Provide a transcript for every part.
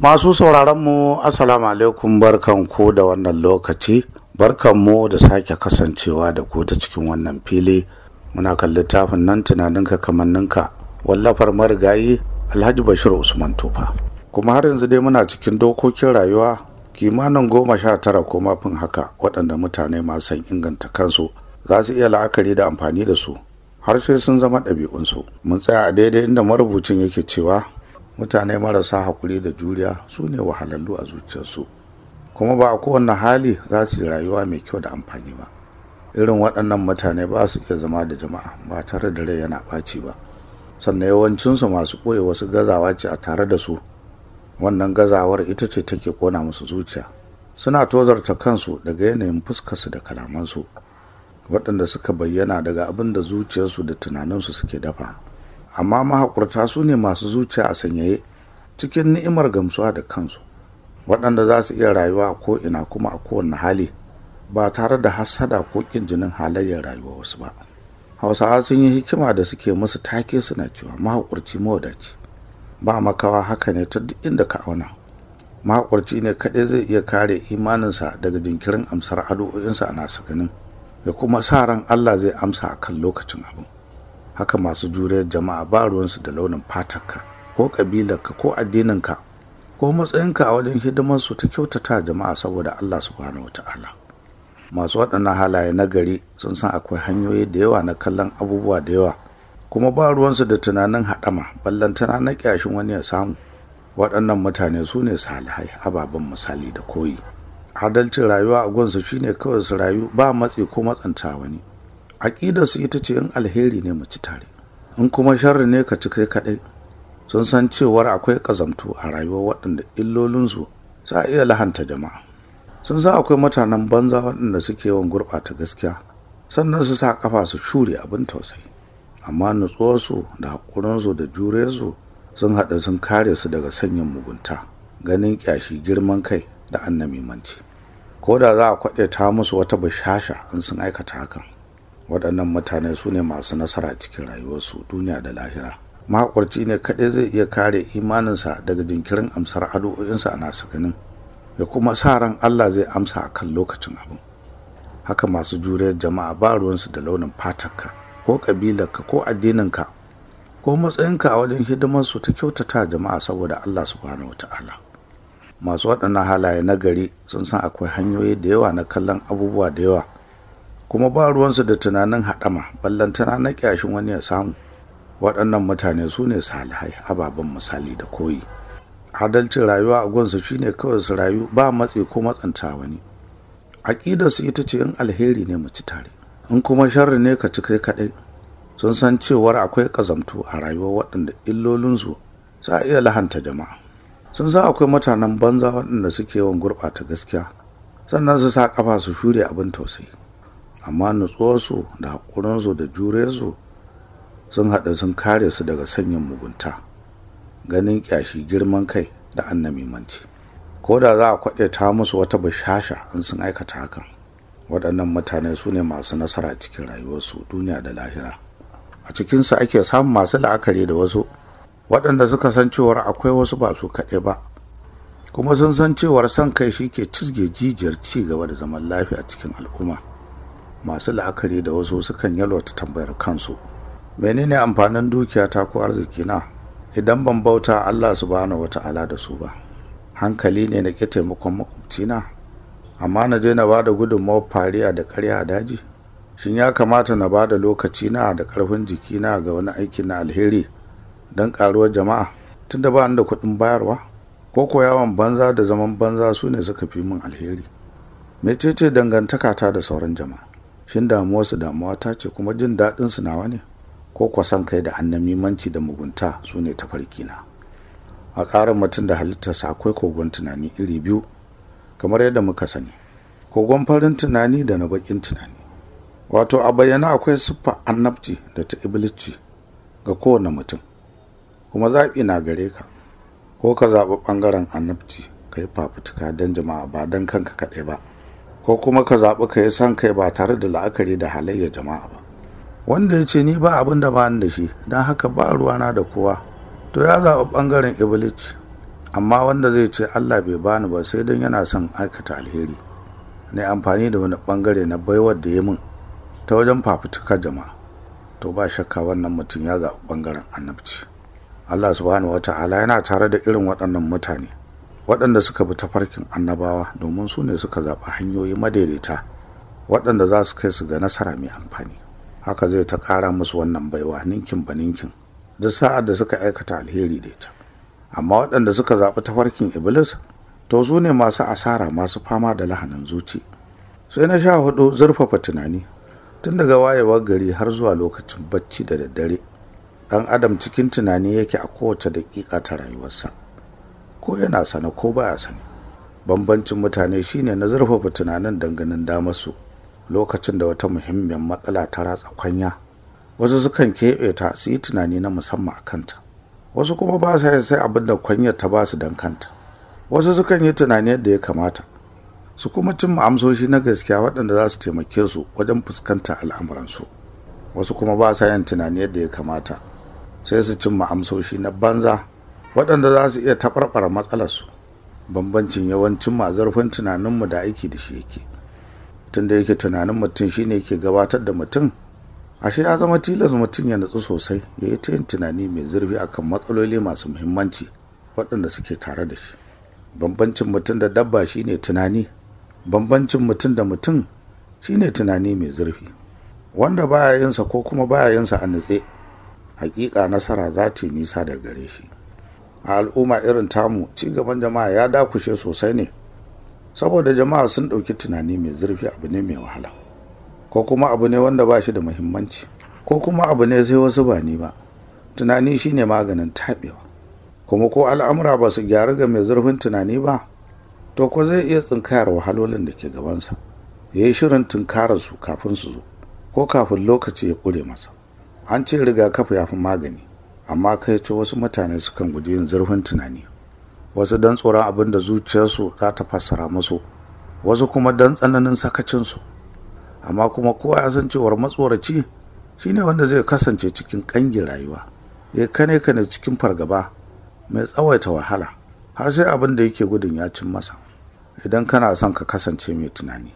Masu mu Assalamu alaikum barkanku da wannan lokaci, barkanmu da sake kasancewa da ku ta cikin wannan fili muna kalli tafin nan tunaninka kamanninka wallafar marigayi Alhaji Bashir Usman Tufa. Kuma har yanzu dai muna cikin dokokin rayuwa kimanin goma sha tara ko mafin haka waɗanda mutane masu inganta kansu za su iya la'akari da amfani da su har sai sun zama ɗabi'unsu. Mun tsaya a daidai inda marubucin yake cewa mutane marasa haƙuri da juriya su ne wahalallu a zuciyarsu kuma ba a kowane hali za su yi rayuwa mai kyau da amfani ba irin waɗannan mutane ba su iya zama da jama'a ba tare da rai yana ɓaci ba sannan yawancinsu masu ɓoye wasu gazawa ce a tare da su wannan gazawar ita ce take kona musu zuciya suna tozarta kansu daga yanayin fuskarsu da kalamansu waɗanda suka bayyana daga abin da zuciyarsu da tunaninsu suke dafa amma mahaƙurta su ne masu zuciya a sanyaye cikin ni'imar gamsuwa da kansu waɗanda za su iya rayuwa a ko'ina kuma a kowane hali ba tare da hassada ko ƙin jinin halayyar rayuwa wasu ba hausawa sun yi hikima da suke musu take suna cewa mahaƙurci mawadaci ba makawa haka ne ta duk inda ka auna mahaƙurci ne kaɗai zai iya kare imaninsa daga jinkirin amsar addu'o'insa a nasa ganin ya kuma sa ran allah zai amsa a kan lokacin abin haka masu juriyar jama'a ba ruwansu da launin fatarka ko ƙabilarka ko addininka ko matsayinka a wajen hidimarsu ta kyautata jama'a saboda Allah subhanahu wata'ala masu waɗannan halaye na gari sun san akwai hanyoyi da yawa na kallon abubuwa da yawa kuma ba ruwansu da tunanin haɗama ballantana na ƙyashin wani ya samu waɗannan mutane su ne salihai ababen misali da koyi adalcin rayuwa a gunsu shine kawai su rayu ba matsi ko matsanta wani su ita ce in alheri ne mu ci tare in kuma sharri ne ka ci kai kaɗai sun san cewar akwai ƙazamtu a rayuwar waɗanda illolinsu za a iya lahanta jama'a sun sa akwai mutanen banza waɗanda suke yawan gurɓata gaskiya sannan su sa ƙafa su shure abin tausayi amma nutsuwarsu da haƙurinsu da juriyarsu sun haɗa sun kare su daga sanyin mugunta ganin ƙyashi girman kai da annamimanci ko da za a kwaɗe ta musu wata bashasha in sun aikata hakan waɗannan mutane su ne masu nasara cikin rayuwarsu duniya da lahira makwarci ne kaɗai zai iya kare imaninsa daga jinkirin amsar addu'o'insa a nasa ganin ya kuma sa ran allah zai amsa a kan lokacin abin haka masu juriyar jama'a ba ruwansu da launin fatarka ko ƙabilarka ko addininka ko matsayinka a wajen hidimarsu ta kyautata jama'a saboda allah subhanahu wa ta'ala masu waɗannan halaye na gari sun san akwai hanyoyi da yawa na kallon abubuwa da yawa kuma ba ruwansu da tunanin haɗama ballantana na ƙyashin wani ya samu waɗannan mutane su ne salihai ababen misali da koyi adalcin rayuwa a gunsu shine kawai su rayu ba matsi ko matsanta wani su ita ce in alheri ne mu ci tare in kuma sharri ne ka ci kaɗai sun san cewar akwai ƙazamtu a rayuwa waɗanda illolinsu za a iya lahanta jama'a sun san akwai mutanen banza waɗanda suke yawan gurɓata gaskiya sannan su sa ƙafa su shure abin tausayi amma nutsuwarsu da haƙurinsu da juresu sun haɗa sun kare su daga sanyin mugunta ganin ƙyashi girman kai da annamimanci ko da za a kwaɗe ta musu wata bashasha in sun aikata hakan waɗannan mutane su ne masu nasara cikin rayuwarsu duniya da lahira a cikinsu ake samun masu la'akari da wasu waɗanda suka san cewar akwai wasu ba su kaɗai ba kuma sun san cewar son kai shi ke cizge jijiyar ci gaba da zaman lafiya cikin al'umma masu la'akari da wasu sukan yalwata tambayar kansu menene amfanin dukiyata ko arziki na idan ban bauta allah su wata ala da su ba hankali ne na ƙi taimakon makwabcina amma na je na ba da gudunmawar fariya da karya a daji shin ya kamata na ba da na da karfin jiki na ga wani aiki na alheri don ƙaruwar jama'a tunda ba ni da kuɗin bayarwa ko ko yawon banza da zaman banza su ne suka fi min alheri mecece dangantaka ta da sauran jama'a shin damuwarsu damuwa ta ce kuma jin daɗinsu nawa ne ko kwasan kai da annamimanci da mugunta su ne na? a ƙarin mutum da halittarsa akwai kogon tunani iri biyu kamar yadda muka sani kogon farin tunani da na baƙin tunani wato a bayyana akwai siffa annabci da ta iblici ga kowane mutum kuma zaɓi na gare ka ko ka zaɓi ɓangaren annabci ka yi fafutuka don jama'a ba don kanka kaɗai ba ko kuma ka zaɓi ka yi son kai ba tare da la'akari da halayya jama'a ba wanda ya ce ni ba abin da ba da shi don haka ba ruwana da kowa to ya zaɓi ɓangaren iblis amma wanda zai ce allah bai bani ba sai don yana son aikata alheri na amfani da wani ɓangare na baiwar da ya min ta wajen fafutuka jama'a to ba shakka wannan mutum ya zaɓi ɓangaren annabci allah subhanahu wa ta'ala yana tare da irin waɗannan mutane waɗanda suka bi tafarkin annabawa domin su ne suka zaɓi hanyoyi madaidaita waɗanda za su kai su ga nasara mai amfani haka zai ta ƙara musu wannan baiwa ninkin ba ninkin duk sa'ar da suka aikata alheri da ita amma waɗanda suka zaɓi tafarkin iblis to su ne masu asara masu fama da lahanin zuci sai na sha hudu zurfafa tunani tun daga wayewar gari har zuwa lokacin bacci da daddare ɗan adam cikin tunani yake a kowace daƙiƙa ta rayuwarsa ko yana sane ko baya sane bambancin mutane shine na zurfafa tunanin danganin su. lokacin da wata muhimmiyar matsala ta ratsa kwanya wasu sukan keɓe ta su yi tunani na musamman a kanta wasu kuma ba sa yin sai abin da kwanyar ta ba su don kanta wasu sukan yi tunani yadda ya kamata su kuma cin amsoshi na gaskiya waɗanda za su taimake su wajen fuskanta al'amuransu wasu kuma ba sa yin tunani yadda ya kamata sai su cin amsoshi na banza waɗanda za su iya taɓarɓara su, bambancin yawancin mazarfin tunaninmu da aiki da shi yake Tunda yake tunanin mutum shine yake gabatar da mutum ashe ya zama tilas mutum ya natsu sosai ya yi ta yin tunani mai zurfi akan matsaloli masu muhimmanci waɗanda suke tare da shi bambancin mutum da dabba shine tunani bambancin mutum da mutum shine tunani mai zurfi wanda baya yinsa ko kuma baya yinsa a nutse hakika nasara za ta yi nisa daga gare shi a al'umma irin tamu ci gaban jama'a ya dakushe sosai ne saboda jama'a sun ɗauki tunani mai zurfi abu ne mai wahala ko kuma abu ne wanda ba shi da muhimmanci ko kuma abu ne sai wasu ba ni ba tunani shine maganin taɓewa kuma ko al'amura ba su gyaru ga mai zurfin tunani ba to ko zai iya tsinkayar wahalolin da ke gabansa ya yi shirin tunkara su kafin su zo ko kafin lokaci ya ƙure masa an ce rigakafi ya fi magani amma kai ce wasu mutane sukan guji yin zurfin tunani wasu don tsoron abin da zuciyarsu za ta fassara musu wasu kuma dan tsananin sakacinsu amma kuma kowa ya san cewar matsoraci shine wanda zai kasance cikin kangin rayuwa ya kane ne cikin fargaba mai tsawaita wahala har sai abin da yake gudun ya cin masa idan kana son ka kasance mai tunani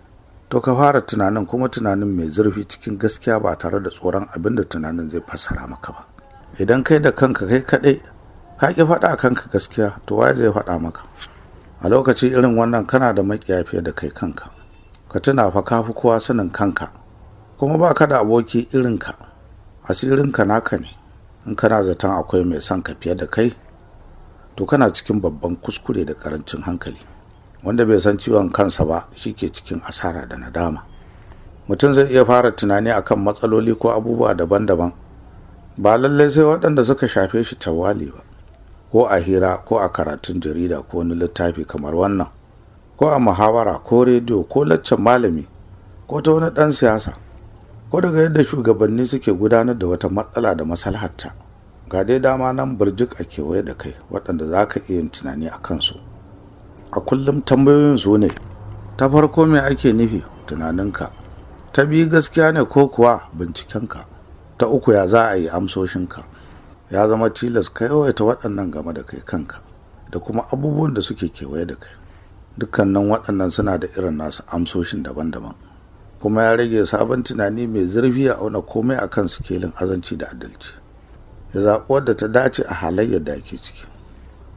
to ka fara tunanin kuma tunanin mai zurfi cikin gaskiya ba tare da tsoron abin da tunanin zai fassara maka ba idan kai da kanka kai kaɗai ka ƙi faɗa kanka gaskiya to waye zai faɗa maka a lokaci irin wannan kana da maƙiya fiye da kai kanka ka tuna fa kafi kowa sanin kanka kuma ba ka da aboki Asirin ka naka ne in kana zaton akwai mai son ka fiye da kai to kana cikin babban kuskure da karancin hankali wanda bai san ciwon kansa ba shi ke cikin asara da nadama mutum zai iya fara tunani akan matsaloli ko abubuwa daban-daban ba lallai sai waɗanda suka shafe shi tawali ba ko a hira ko a karatun jarida ko wani littafi kamar wannan ko a muhawara ko rediyo ko laccan malami ko ta wani ɗan siyasa ko daga yadda shugabanni suke gudanar da wata matsala da masalhatta ga dai dama nan birjik a kewaye da kai waɗanda za ka iya yin tunani a kansu a kullum tambayoyin su ne ta farko me ake nufi tunaninka ta biyu gaskiya ne ko kuwa bincikenka ta uku ya za a yi amsoshinka ya zama tilas ka yawaita waɗannan game da kai kanka da kuma abubuwan da suke kewaye da kai dukkanin waɗannan suna da irin nasu amsoshin daban-daban kuma ya rage sabon tunani mai zurfi a auna komai a kan sikelin azanci da adalci ya zaɓi wadda ta dace a halayyar da ake ciki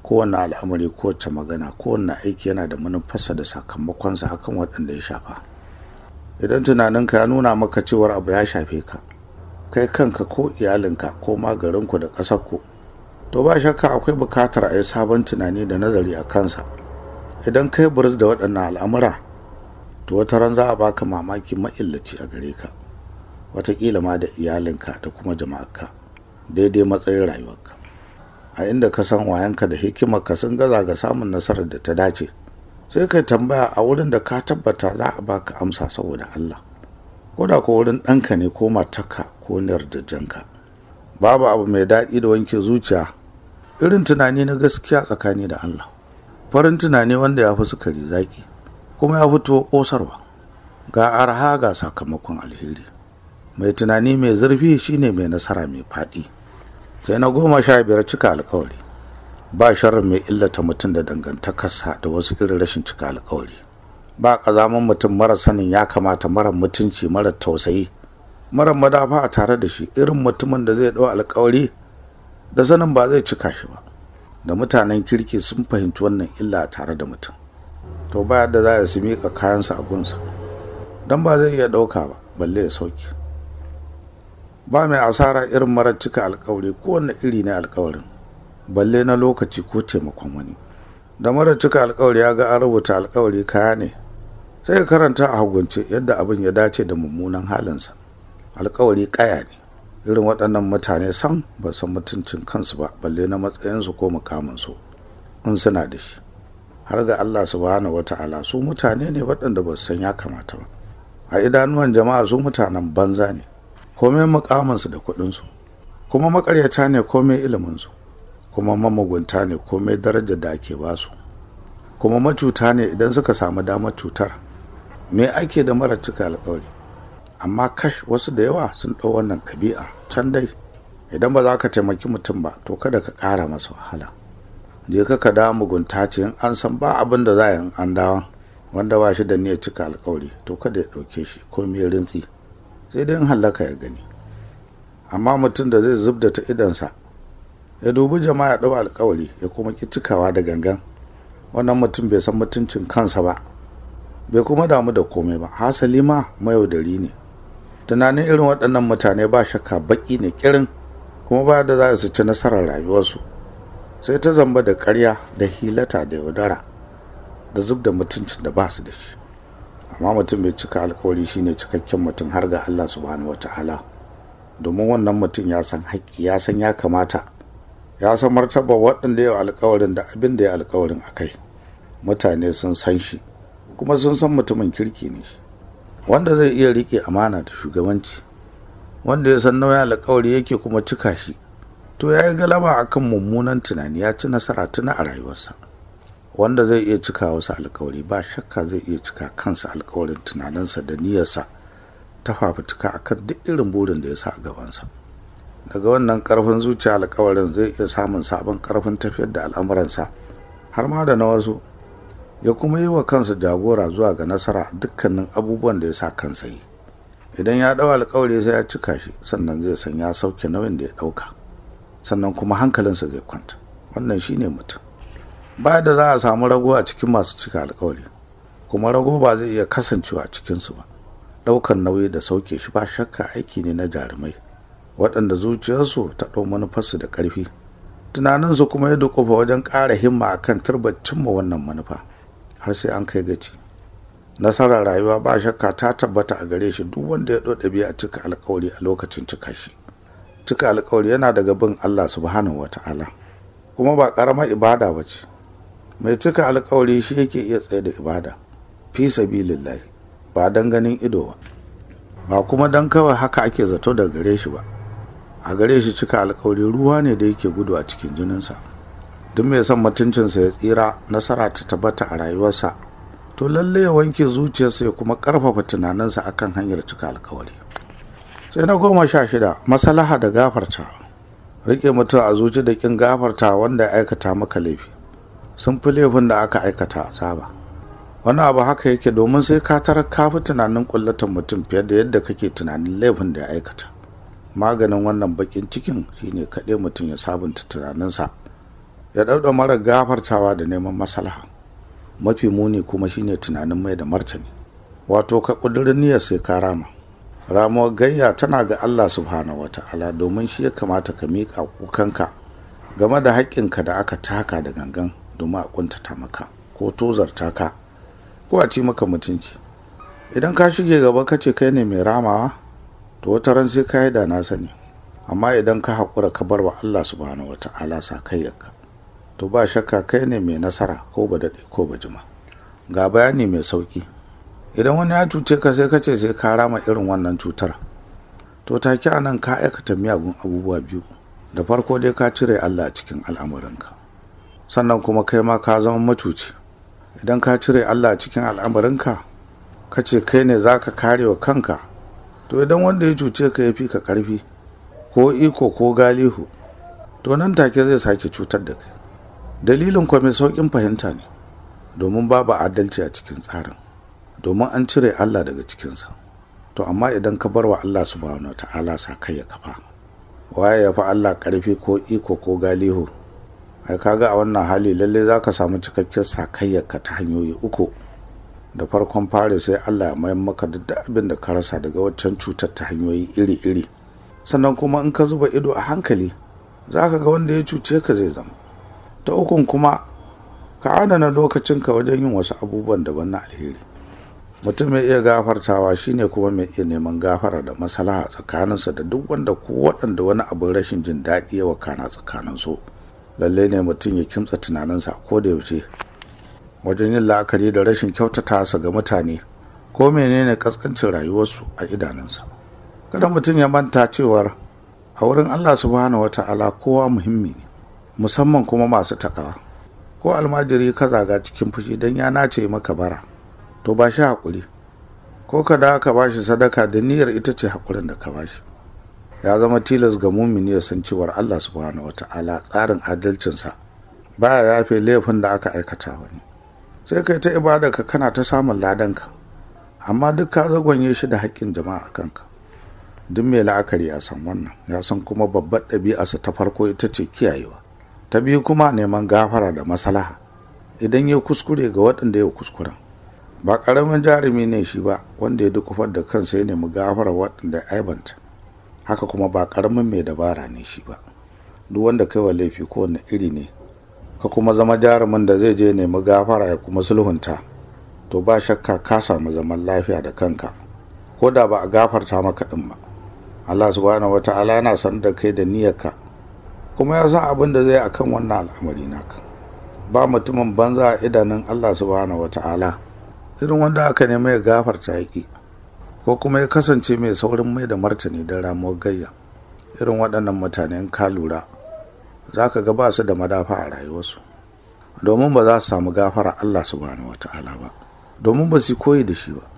kowane al'amari kowace magana kowane aiki yana da manufarsa da sakamakonsa akan waɗanda ya shafa idan tunaninka ya nuna maka cewar abu ya shafe ka kai kanka ko iyalinka ko magarinku da ƙasarku to ba shakka akwai bukatar a yi sabon tunani da nazari a kansa idan kai buris da waɗannan al'amura to wata ran za a baka mamaki ma'illaci a gare ka watakila ma da iyalinka da kuma jama'arka daidai matsayin rayuwarka a inda ka san wayanka da ka sun gaza ga samun nasarar da ta dace sai kai tambaya a wurin da ka tabbata za a baka amsa saboda Allah ko da ko wurin ɗanka ne ko matarka ko janka. babu abu mai daɗi da wanke zuciya irin tunani na gaskiya tsakani da allah farin tunani wanda ya fi sukari zaƙi kuma ya fito ƙosarwa ga arha ga sakamakon alheri mai tunani mai zurfi shine mai nasara mai faɗi sai na goma sha biyar cika alkawari ba sharrin mai illata mutum da dangantakarsa da wasu irin rashin cika alkawari ba ƙazamin mutum mara sanin ya kamata mara mutunci mara tausayi mara madafa a tare da shi irin mutumin da zai ɗau alkawari da sanin ba zai cika shi ba da mutanen kirki sun fahimci wannan illa tare da mutum to ba da za su miƙa kayansa a gunsa don ba zai iya ɗauka ba balle ya sauki ba mai asara irin mara cika alkawari kowane iri ne alkawarin balle na lokaci ko taimakon wani da mara cika alkawari ya ga an rubuta alkawari kaya ne sai ya karanta a hagunce yadda abin ya dace da mummunan halinsa alkawari kaya ne irin waɗannan mutane san ba san mutuncin kansu ba balle na matsayinsu ko mukaminsu in suna da shi har ga allah su hana wata ta'ala su mutane ne waɗanda ba su san ya kamata ba a idanuwan jama'a su mutanen banza ne komai mukaminsu da kuɗinsu kuma makaryata ne komai iliminsu kuma mamugunta ne komai darajar da ake basu kuma macuta ne idan suka samu damar cutar me ake da mara cika alkawari amma kash wasu da yawa sun ɗau wannan ɗabi'a can dai idan ba za ka taimaki mutum ba to kada ka ƙara masa wahala je ka ka dawo mugunta ce in an san ba abin da za a yi an dawo wanda ba shi da ya cika alkawari to kada ya ɗauke shi ko me rintsi sai dai in hallaka ya gani amma mutum da zai zub da ta idonsa ya dubi jama'a ya ɗau alkawari ya kuma ki cikawa da gangan wannan mutum bai san mutuncin kansa ba bai kuma damu da komai ba hasali ma mayaudari ne tunanin irin waɗannan mutane ba shakka baƙi ne kirin kuma ba da za su ci nasarar rayuwarsu sai ta zamba da ƙarya da hilata da yaudara da zub da mutuncin da ba su da shi amma mutum bai cika alkawari shine cikakken mutum har ga Allah su subhanahu wata'ala domin wannan mutum ya san haƙƙi ya san ya kamata ya san martaba waɗanda ya alkawarin da abin da ya alkawarin kai, mutane sun san shi kuma sun san mutumin kirki ne wanda zai iya rike amana da shugabanci wanda ya san nauyin alkawari yake kuma cika shi to ya yi galaba akan mummunan tunani ya ci nasara tuna a rayuwarsa wanda zai iya cika wasu alkawari ba shakka zai iya cika kansa alkawarin tunaninsa da niyyarsa ta fafutuka a kan duk irin burin da ya sa a gabansa daga wannan karfin zuciya alkawarin zai iya samun sabon karfin tafiyar da al'amuransa har ma da na wasu ya kuma yi wa kansa jagora zuwa ga nasara dukkanin abubuwan da ya sa kansa yi idan ya ɗau alkawari sai ya cika shi sannan zai san ya sauke nauyin da ya ɗauka sannan kuma hankalinsa zai kwanta wannan shine mutum ba da za a samu rago a cikin masu cika alkawari kuma rago ba zai iya kasancewa a cikinsu ba ɗaukan nauyi da sauke shi ba shakka aiki ne na jarumai waɗanda zuciyarsu ta ɗau manufarsu da ƙarfi tunaninsu kuma ya duƙufa wajen ƙara himma akan turbar cimma wannan manufa har sai an kai gaci nasarar rayuwa ba shakka ta tabbata a gare shi duk wanda ya dode a cika alkawari a lokacin cika shi cika alkawari yana daga bin Allah subhanahu wata'ala kuma ba karama ibada ba ce mai cika alkawari shi yake iya tsaye da ibada fi sabilillahi ba dan ganin ido ba ba kuma dan kawai haka ake zato daga gare shi ba a gare shi cika alkawari ruwa ne da yake gudu a cikin jininsa duk mai son mutuncinsa ya tsira nasara ta tabbata a rayuwarsa to lalle ya wanke zuciyarsa ya kuma karfafa tunaninsa a kan hanyar cika alkawari sai na goma sha shida masalaha da gafarta rike mutum a zuci da kin gafarta wanda ya aikata maka laifi sun fi laifin da aka aikata a saba wani abu haka yake domin sai ka tara ka fi tunanin kullatan mutum fiye da yadda kake tunanin laifin da ya aikata maganin wannan bakin cikin shine kaɗai mutum ya sabunta tunaninsa ya ɗauɗa mara gafartawa da neman masala mafi muni kuma shine tunanin mai da martani wato ka ƙudurin niyyar sai ka rama ramuwar gayya tana ga Allah subhanahu wata'ala domin shi ya kamata ka miƙa kukanka game da haƙƙinka da aka taka da gangan domin a ƙuntata maka ko tozarta ka ko a ci maka mutunci idan ka shige gaba ka ce kai ne mai ramawa to wata ran sai ka yi da na sani amma idan ka haƙura ka bar wa Allah subhanahu wata'ala sa kayyarka to ba shakka kai ne mai nasara ko ba daɗe ko ba jima ga bayani mai sauƙi idan wani ya cuce ka sai ka ce sai ka rama irin wannan cutar to take a nan ka aikata miyagun abubuwa biyu da farko dai ka cire allah a cikin al'amuranka sannan kuma kai ma ka zama matuci idan ka cire allah a cikin al'amuranka ka ce kai ne za ka kare wa kanka to idan wanda ya cuce ka ya fi ka ƙarfi ko iko ko galihu to nan take zai sake cutar da kai dalilin kuwa mai sauƙin fahimta ne domin babu adalci a cikin tsarin domin an cire allah daga cikinsa to amma idan ka bar wa allah wani ta'ala sa kai ya kafa waye ya fi allah ƙarfi ko iko ko galihu ai ga a wannan hali lalle za ka samu cikakken sakayyarka ta hanyoyi uku da farkon fari sai allah ya mayan maka duk abin da ka rasa daga waccan cutar ta hanyoyi iri-iri sannan kuma in ka zuba ido a hankali za ka ga wanda ya cuce ka zai zama ta ukun kuma ka adana lokacinka wajen yin wasu abubuwan daban na alheri mutum mai iya gafartawa shine kuma mai iya neman gafara da a tsakaninsa da duk wanda ko waɗanda wani abin rashin jin daɗi ya wakana tsakaninsu lalle ne mutum ya kimtsa tunaninsa a da yaushe wajen yin la'akari da rashin kyautata ga mutane ko menene kaskancin rayuwarsu a idanunsa kada mutum ya manta cewar a wurin allah subhanahu wata'ala kowa muhimmi ne musamman kuma masu takawa ko almajiri ka zaga cikin fushi don ya nace maka bara to ba shi haƙuri ko ka da ka bashi sadaka da niyyar ita ce haƙurin da ka bashi ya zama tilas ga mumini ya san cewar Allah subhanahu ta'ala tsarin adalcinsa baya yafe laifin da aka aikata wani sai kai ta ibada ka kana ta samun ladan ka. amma duk ka zagwanye shi da haƙƙin jama'a kanka duk mai la'akari ya san wannan ya san kuma babbar ɗabi'a ɗabi'arsa ta farko ita ce kiyayewa ta biyu kuma neman gafara da masalaha idan ya kuskure ga waɗanda ya kuskura. ba ƙaramin jarumi ne shi ba wanda ya dukufar da kansa ya nemi gafara waɗanda aibanta haka kuma ba ƙaramin mai dabara ne shi ba duk wanda kai wa laifi kowane iri ne ka kuma zama jarumin da zai je nemi gafara ya kuma sulhunta to ba shakka ka samu zaman lafiya da kanka ko da ba a gafarta maka ɗin ba Allah subhanahu wata'ala yana sanar da kai da niyyarka kuma ya san abin da zai akan wannan al'amari naka ba mutumin banza a idanun Allah subhanahu wata'ala irin wanda aka nema ya gafarta yaƙi ko kuma ya kasance mai saurin mai da martani da ramuwar gayya irin waɗannan mutanen ka lura za ka ga ba su da madafa a rayuwarsu domin ba za su samu gafara Allah subhanahu wata'ala ba domin ba su koyi da shi ba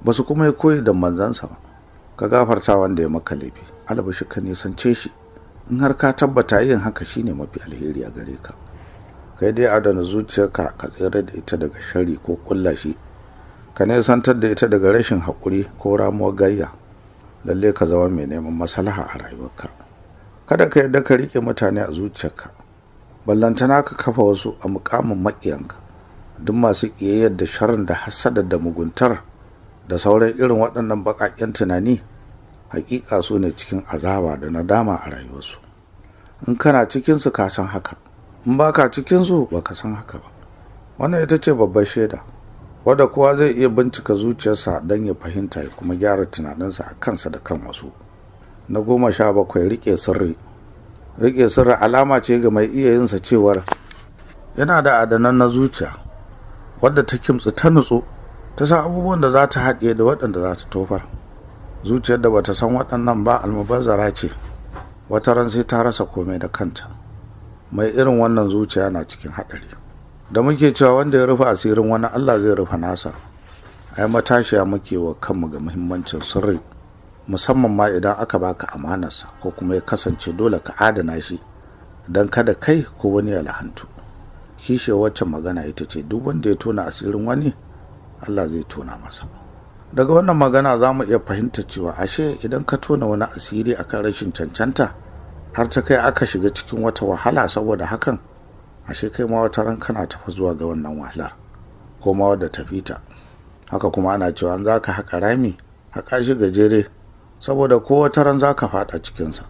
ba su kuma ya koyi da manzansa ba ka gafarta wanda ya maka laifi albashi ka nisance shi in har ka tabbata yin haka shine mafi alheri a gare ka kai dai adana zuciyarka ka tsere da ita daga shari ko kulla shi ka nisantar da ita daga rashin haƙuri ko ramuwar gayya lalle ka zama mai neman maslaha a rayuwarka kada ka yarda ka riƙe mutane a zuciyarka ballantana ka kafa wasu a mukamin maƙiyanka duk masu ƙiyayyar da sharin da hassada da muguntar da sauran irin waɗannan baƙaƙen tunani hakika su ne cikin azaba da nadama a rayuwarsu in kana cikinsu ka san haka in ba ka cikinsu ba ka san haka ba wannan ita ce babbar shaida wadda kowa zai iya bincika zuciyarsa don ya fahimta ya kuma gyara tunaninsa a kansa da kan wasu na goma sha bakwai rike sirri rike sirri alama ce ga mai iya yinsa cewar yana da adanan na zuciya wadda ta kimtsi ta nutsu ta san abubuwan da za ta haɗiye da waɗanda za ta tofar zuciyar da bata san waɗannan ba almubazzara ce wata ran sai ta rasa komai da kanta mai irin wannan zuciya na cikin haɗari da muke cewa wanda ya rufe asirin wani allah zai rufe nasa ai matashiya muke wa kanmu ga muhimmancin sirri musamman ma idan aka baka amanarsa ko kuma ya kasance dole ka adana shi don kada kai ko wani ya lahantu kishe wacce magana ita ce duk wanda ya tona asirin wani allah zai tona masa daga wannan magana za mu iya fahimta cewa ashe idan ka tona wani asiri kan rashin cancanta har ta kai aka shiga cikin wata wahala saboda hakan ashe kai ma wata ran kana tafi zuwa ga wannan wahalar ko ma wadda tafi ta haka kuma ana cewa an za ka haƙa rami haƙa shi gajere saboda ko wata ran za ka faɗa cikinsa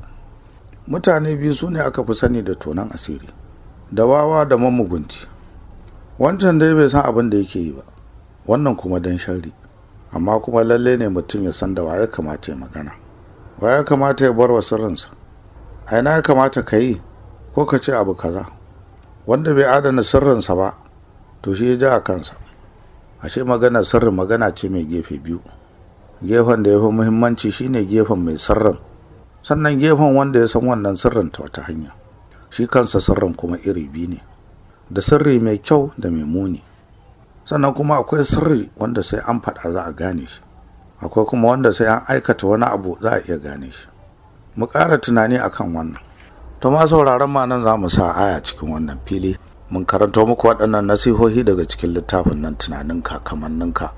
mutane biyu su ne aka fi sani da tonan asiri da wawa da mamugunci wancan dai bai san abin da yake yi ba wannan kuma dan sharri amma kuma lalle ne mutum ya san da waye kamata ya magana waye kamata ya bar wa sirrinsa a ina ya kamata ka yi ko ka ce abu kaza wanda bai adana sirrinsa ba to shi ya ji a kansa ashe magana sirrin magana ce mai gefe biyu gefen da ya fi muhimmanci shine gefen mai sirrin sannan gefen wanda ya san wannan sirrin ta wata hanya shi kansa sirrin kuma iri biyu ne da sirri mai kyau da mai muni sannan kuma akwai sirri wanda sai an faɗa za a gane shi akwai kuma wanda sai an aikata wani abu za a iya gane shi mu ƙara tunani akan wannan to ma sauraron ma nan za mu sa aya cikin wannan fili mun karanto muku waɗannan nasihohi daga cikin littafin nan tunaninka kamanninka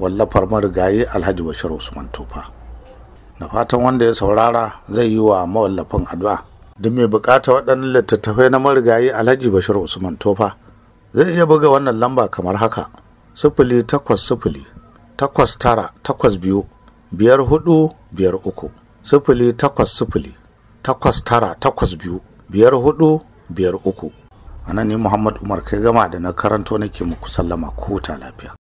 wallafar marigayi alhaji bashir usman Tofa. na fatan wanda ya saurara zai yi wa mawallafin addu'a duk mai bukata waɗannan littattafai na marigayi alhaji bashir usman tofa zai iya buga wannan lamba kamar haka sifili takwas sufuli takwas tara takwas biyu biyar hudu biyar uku sufuli takwas sufuli takwas tara takwas biyu biyar hudu biyar uku a nan ne muhammad umar kai gama da na karanto nake muku sallama ko ta lafiya